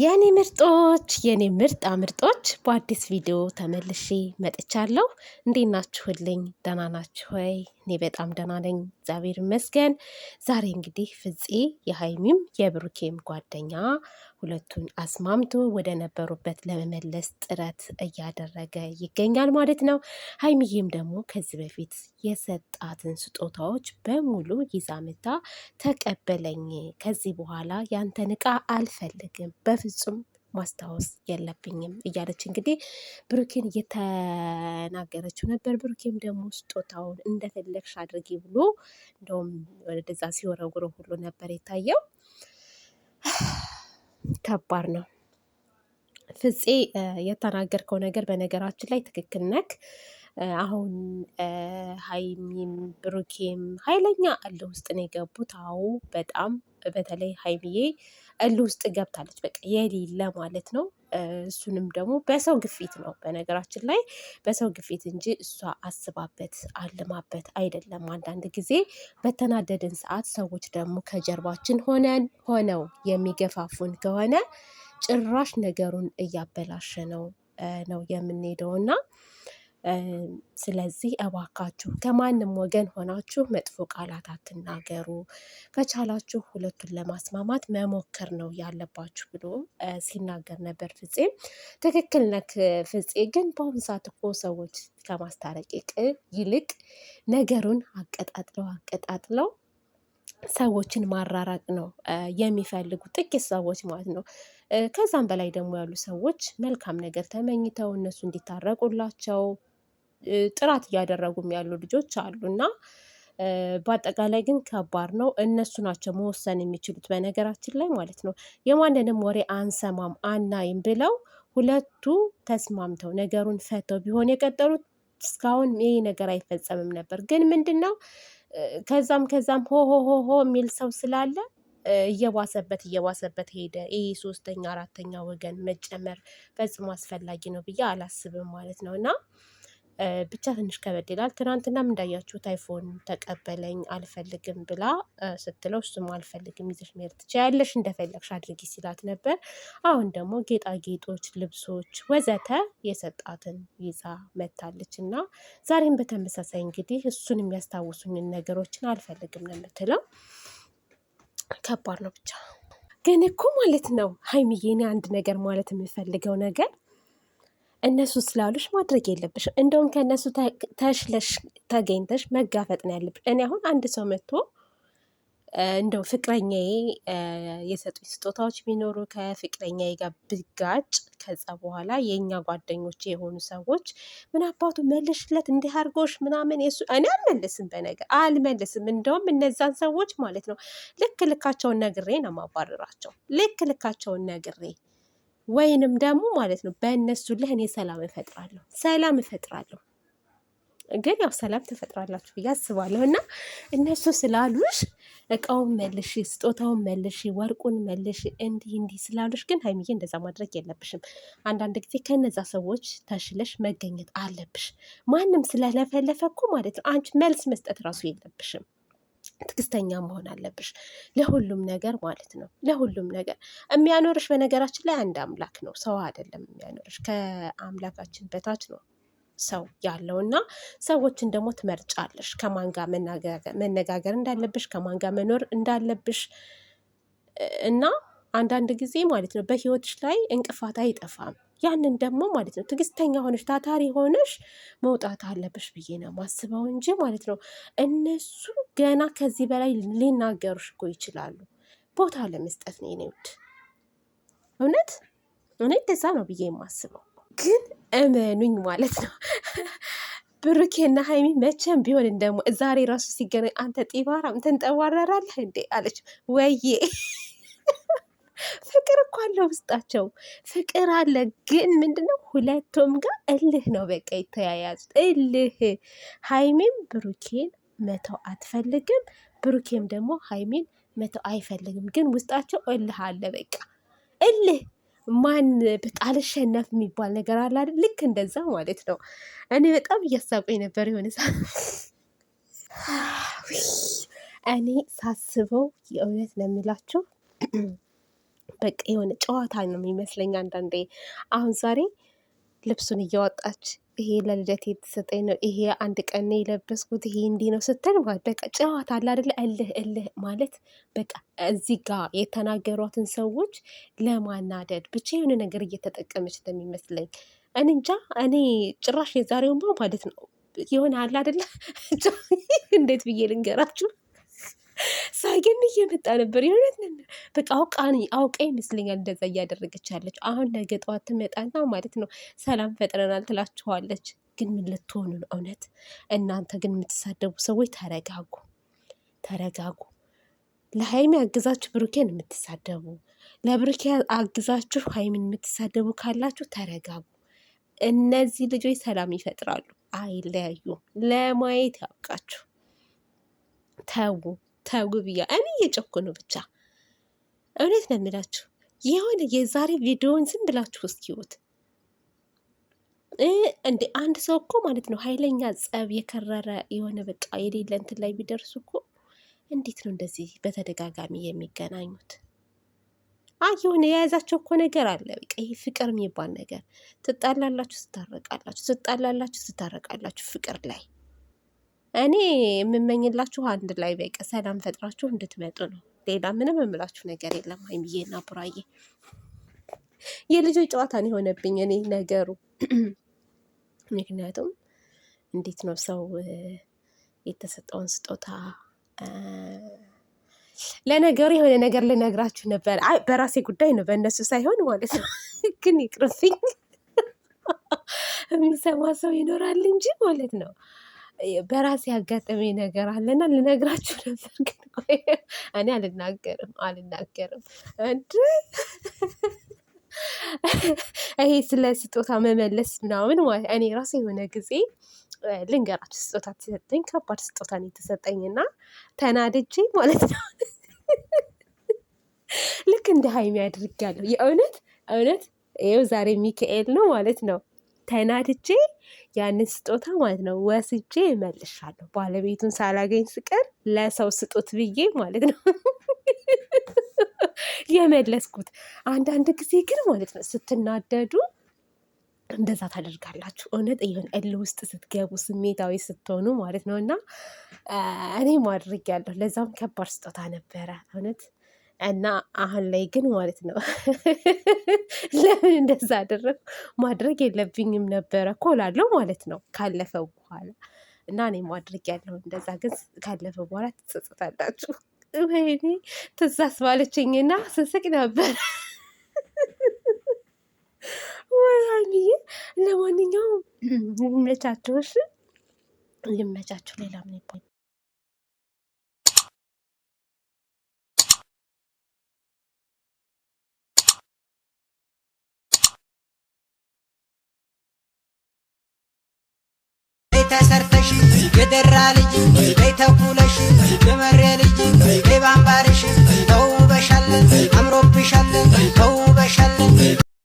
የኔ ምርጦች የኔ ምርጣ ምርጦች በአዲስ ቪዲዮ ተመልሼ መጥቻለሁ። እንዴት ናችሁልኝ? ደህና ናችሁ ወይ? እኔ በጣም ደህና ነኝ፣ እግዚአብሔር ይመስገን። ዛሬ እንግዲህ ፍፄ የሀይሚም የብሩኬም ጓደኛ ሁለቱን አስማምቶ ወደ ነበሩበት ለመመለስ ጥረት እያደረገ ይገኛል ማለት ነው። ሀይሚዬም ደግሞ ከዚህ በፊት የሰጣትን ስጦታዎች በሙሉ ይዛ መታ ተቀበለኝ፣ ከዚህ በኋላ ያንተን ዕቃ አልፈልግም፣ በፍጹም ማስታወስ የለብኝም እያለች እንግዲህ ብሩኬን እየተናገረችው ነበር። ብሩኬም ደግሞ ስጦታውን እንደፈለግሽ አድርጊ ብሎ እንደውም ወደዛ ሲወረውረ ሁሉ ነበር የታየው። ከባድ ነው። ፍፄ የተናገርከው ነገር በነገራችን ላይ ትክክል ነክ አሁን ሀይሚም ብሩኬም ኃይለኛ እልህ ውስጥ ነው የገቡት። አዎ በጣም በተለይ ሀይሚዬ እልህ ውስጥ ገብታለች። በቃ የሌለ ማለት ነው። እሱንም ደግሞ በሰው ግፊት ነው በነገራችን ላይ በሰው ግፊት እንጂ እሷ አስባበት አልማበት አይደለም። አንዳንድ ጊዜ በተናደድን ሰዓት ሰዎች ደግሞ ከጀርባችን ሆነን ሆነው የሚገፋፉን ከሆነ ጭራሽ ነገሩን እያበላሸ ነው ነው የምንሄደው እና ስለዚህ እባካችሁ ከማንም ወገን ሆናችሁ መጥፎ ቃላት አትናገሩ፣ ከቻላችሁ ሁለቱን ለማስማማት መሞከር ነው ያለባችሁ ብሎ ሲናገር ነበር ፍፄ። ትክክል ነክ ፍፄ። ግን በአሁኑ ሰዓት እኮ ሰዎች ከማስታረቅ ይልቅ ነገሩን አቀጣጥለው አቀጣጥለው ሰዎችን ማራራቅ ነው የሚፈልጉ ጥቂት ሰዎች ማለት ነው። ከዛም በላይ ደግሞ ያሉ ሰዎች መልካም ነገር ተመኝተው እነሱ እንዲታረቁላቸው ጥራት እያደረጉም ያሉ ልጆች አሉ እና በአጠቃላይ ግን ከባድ ነው። እነሱ ናቸው መወሰን የሚችሉት በነገራችን ላይ ማለት ነው። የማንንም ወሬ አንሰማም አናይም ብለው ሁለቱ ተስማምተው ነገሩን ፈተው ቢሆን የቀጠሉት እስካሁን ይህ ነገር አይፈጸምም ነበር። ግን ምንድን ነው ከዛም ከዛም ሆሆሆሆ የሚል ሰው ስላለ እየባሰበት እየባሰበት ሄደ። ይህ ሶስተኛ አራተኛ ወገን መጨመር ፈጽሞ አስፈላጊ ነው ብዬ አላስብም ማለት ነው እና ብቻ ትንሽ ከበድ ይላል። ትናንትናም እንዳያችሁት ታይፎን ተቀበለኝ አልፈልግም ብላ ስትለው እሱም አልፈልግም ይዘሽ መሄድ ትችያለሽ እንደፈለግሽ አድርጊ ሲላት ነበር። አሁን ደግሞ ጌጣጌጦች፣ ልብሶች ወዘተ የሰጣትን ይዛ መታለች እና ዛሬም በተመሳሳይ እንግዲህ እሱን የሚያስታውሱኝን ነገሮችን አልፈልግም ነው የምትለው። ከባድ ነው ብቻ ግን እኮ ማለት ነው ሀይሚዬ፣ እኔ አንድ ነገር ማለት የምፈልገው ነገር እነሱ ስላሉሽ ማድረግ የለብሽ። እንደውም ከእነሱ ተሽለሽ ተገኝተሽ መጋፈጥ ነው ያለብሽ። እኔ አሁን አንድ ሰው መጥቶ እንደው ፍቅረኛዬ የሰጡኝ ስጦታዎች ቢኖሩ ከፍቅረኛዬ ጋር ብጋጭ፣ ከዛ በኋላ የእኛ ጓደኞች የሆኑ ሰዎች ምን አባቱ መልሽለት እንዲህ አድርጎሽ ምናምን የሱ እኔ አልመልስም፣ በነገር አልመልስም። እንደውም እነዛን ሰዎች ማለት ነው ልክ ልካቸውን ነግሬ ነው የማባረራቸው። ልክ ልካቸውን ነግሬ ወይንም ደግሞ ማለት ነው በእነሱ ላይ እኔ ሰላም እፈጥራለሁ ሰላም እፈጥራለሁ። ግን ያው ሰላም ትፈጥራላችሁ ብዬ አስባለሁ። እና እነሱ ስላሉሽ እቃውን መልሽ፣ ስጦታውን መልሽ፣ ወርቁን መልሽ እንዲህ እንዲህ ስላሉሽ ግን ሀይሚዬ እንደዛ ማድረግ የለብሽም። አንዳንድ ጊዜ ከነዛ ሰዎች ተሽለሽ መገኘት አለብሽ። ማንም ስለለፈለፈ እኮ ማለት ነው አንቺ መልስ መስጠት እራሱ የለብሽም። ትግስተኛ መሆን አለብሽ ለሁሉም ነገር ማለት ነው። ለሁሉም ነገር የሚያኖርሽ በነገራችን ላይ አንድ አምላክ ነው፣ ሰው አይደለም የሚያኖርሽ። ከአምላካችን በታች ነው ሰው ያለው እና ሰዎችን ደግሞ ትመርጫለሽ። ከማን ጋር መነጋገር እንዳለብሽ፣ ከማን ጋር መኖር እንዳለብሽ እና አንዳንድ ጊዜ ማለት ነው በህይወትሽ ላይ እንቅፋት አይጠፋም። ያንን ደግሞ ማለት ነው ትግስተኛ ሆነሽ ታታሪ ሆነሽ መውጣት አለብሽ ብዬ ነው ማስበው እንጂ ማለት ነው እነሱ ገና ከዚህ በላይ ሊናገሩሽ እኮ ይችላሉ። ቦታ ለመስጠት ነው ኔውድ እውነት እኔ እንደዛ ነው ብዬ የማስበው ግን እመኑኝ ማለት ነው ብሩኬና ሀይሚ መቼም ቢሆን እንደሞ ዛሬ ራሱ ሲገናኝ አንተ ጢባራም ተንጠዋረራለህ እንዴ አለች። ወዬ ፍቅር እኮ አለ ውስጣቸው፣ ፍቅር አለ። ግን ምንድነው ሁለቱም ጋር እልህ ነው በቃ የተያያዙት እልህ። ሀይሜም ብሩኬን መተው አትፈልግም፣ ብሩኬም ደግሞ ሀይሜን መተው አይፈልግም። ግን ውስጣቸው እልህ አለ በቃ እልህ ማን ሸነፍ የሚባል ነገር አለ አይደል? ልክ እንደዛ ማለት ነው። እኔ በጣም እያሳቁኝ ነበር የሆነ እኔ ሳስበው የእውነት ነው የሚላቸው? በቃ የሆነ ጨዋታ ነው የሚመስለኝ አንዳንዴ። አሁን ዛሬ ልብሱን እያወጣች ይሄ ለልደት የተሰጠኝ ነው፣ ይሄ አንድ ቀን የለበስኩት፣ ይሄ እንዲህ ነው ስትል በቃ ጨዋታ አለ አይደለ? እልህ እልህ ማለት በቃ እዚህ ጋር የተናገሯትን ሰዎች ለማናደድ ብቻ የሆነ ነገር እየተጠቀመች ነው እኔ እንጃ እኔ ጭራሽ የዛሬውማ ማለት ነው የሆነ አለ አይደለ? እንዴት ብዬ ልንገራችሁ? ሳገን እየመጣ ነበር። የእውነት ነበር በቃ አውቃ አውቀ ይመስለኛል እንደዛ እያደረገች ያለችው። አሁን ነገ ጠዋት ትመጣና ማለት ነው ሰላም ፈጥረናል ትላችኋለች። ግን ምን ልትሆኑ ነው? እውነት እናንተ ግን የምትሳደቡ ሰዎች ተረጋጉ፣ ተረጋጉ። ለሀይሚ አግዛችሁ ብሩኬን የምትሳደቡ፣ ለብሩኬ አግዛችሁ ሀይሚን የምትሳደቡ ካላችሁ ተረጋጉ። እነዚህ ልጆች ሰላም ይፈጥራሉ፣ አይለያዩም። ለማየት ያብቃችሁ። ተዉ። ተውብያ እኔ እየጨኮኑ ነው ብቻ እውነት ነው የምላችሁ። የሆነ የዛሬ ቪዲዮን ዝም ብላችሁ እስኪዩት። እንደ አንድ ሰው እኮ ማለት ነው ኃይለኛ ጸብ የከረረ የሆነ በቃ የሌለ እንትን ላይ ቢደርሱ እኮ እንዴት ነው እንደዚህ በተደጋጋሚ የሚገናኙት? አይ የሆነ የያዛቸው እኮ ነገር አለ። በቃ ይህ ፍቅር የሚባል ነገር ትጣላላችሁ፣ ትታረቃላችሁ፣ ትጣላላችሁ፣ ትታረቃላችሁ ፍቅር ላይ እኔ የምመኝላችሁ አንድ ላይ በቃ ሰላም ፈጥራችሁ እንድትመጡ ነው። ሌላ ምንም የምላችሁ ነገር የለም። ሀይሚዬና ቡራዬ የልጆች ጨዋታን የሆነብኝ እኔ ነገሩ። ምክንያቱም እንዴት ነው ሰው የተሰጠውን ስጦታ ለነገሩ የሆነ ነገር ልነግራችሁ ነበር። በራሴ ጉዳይ ነው በእነሱ ሳይሆን ማለት ነው። ግን ይቅርብኝ የሚሰማ ሰው ይኖራል እንጂ ማለት ነው በራሴ ያጋጠመ ነገር አለና ልነግራችሁ ነበር፣ ግን ቆይ እኔ አልናገርም አልናገርም። አንድ ይሄ ስለ ስጦታ መመለስ ምናምን እኔ ራሱ የሆነ ጊዜ ልንገራችሁ፣ ስጦታ ተሰጠኝ፣ ከባድ ስጦታ ነው የተሰጠኝ እና ተናድጄ ማለት ነው ልክ እንደ ሀይሚ አድርጊያለሁ። የእውነት እውነት ይኸው ዛሬ ሚካኤል ነው ማለት ነው ተናድጄ ያንን ስጦታ ማለት ነው ወስጄ እመልሻለሁ። ባለቤቱን ሳላገኝ ስቀር ለሰው ስጦት ብዬ ማለት ነው የመለስኩት። አንዳንድ ጊዜ ግን ማለት ነው ስትናደዱ እንደዛ ታደርጋላችሁ። እውነት ይሆን እል ውስጥ ስትገቡ ስሜታዊ ስትሆኑ ማለት ነው። እና እኔ እኔም ያለሁ ለዛም ከባድ ስጦታ ነበረ እውነት እና አሁን ላይ ግን ማለት ነው ለምን እንደዛ አደረግ ማድረግ የለብኝም ነበረ ኮላለው ማለት ነው ካለፈ በኋላ እና እኔ ማድረግ ያለው እንደዛ ግን ካለፈ በኋላ ትጸጸታላችሁ። ወይኔ ትዝ አስባለችኝና ስስቅ ነበር። ወይኔ ለማንኛውም ይመቻችሁ፣ እሺ ይመቻችሁ። ሌላ ምን ይባል ተሰርተሽ የደራ ልጅ በይተኩላ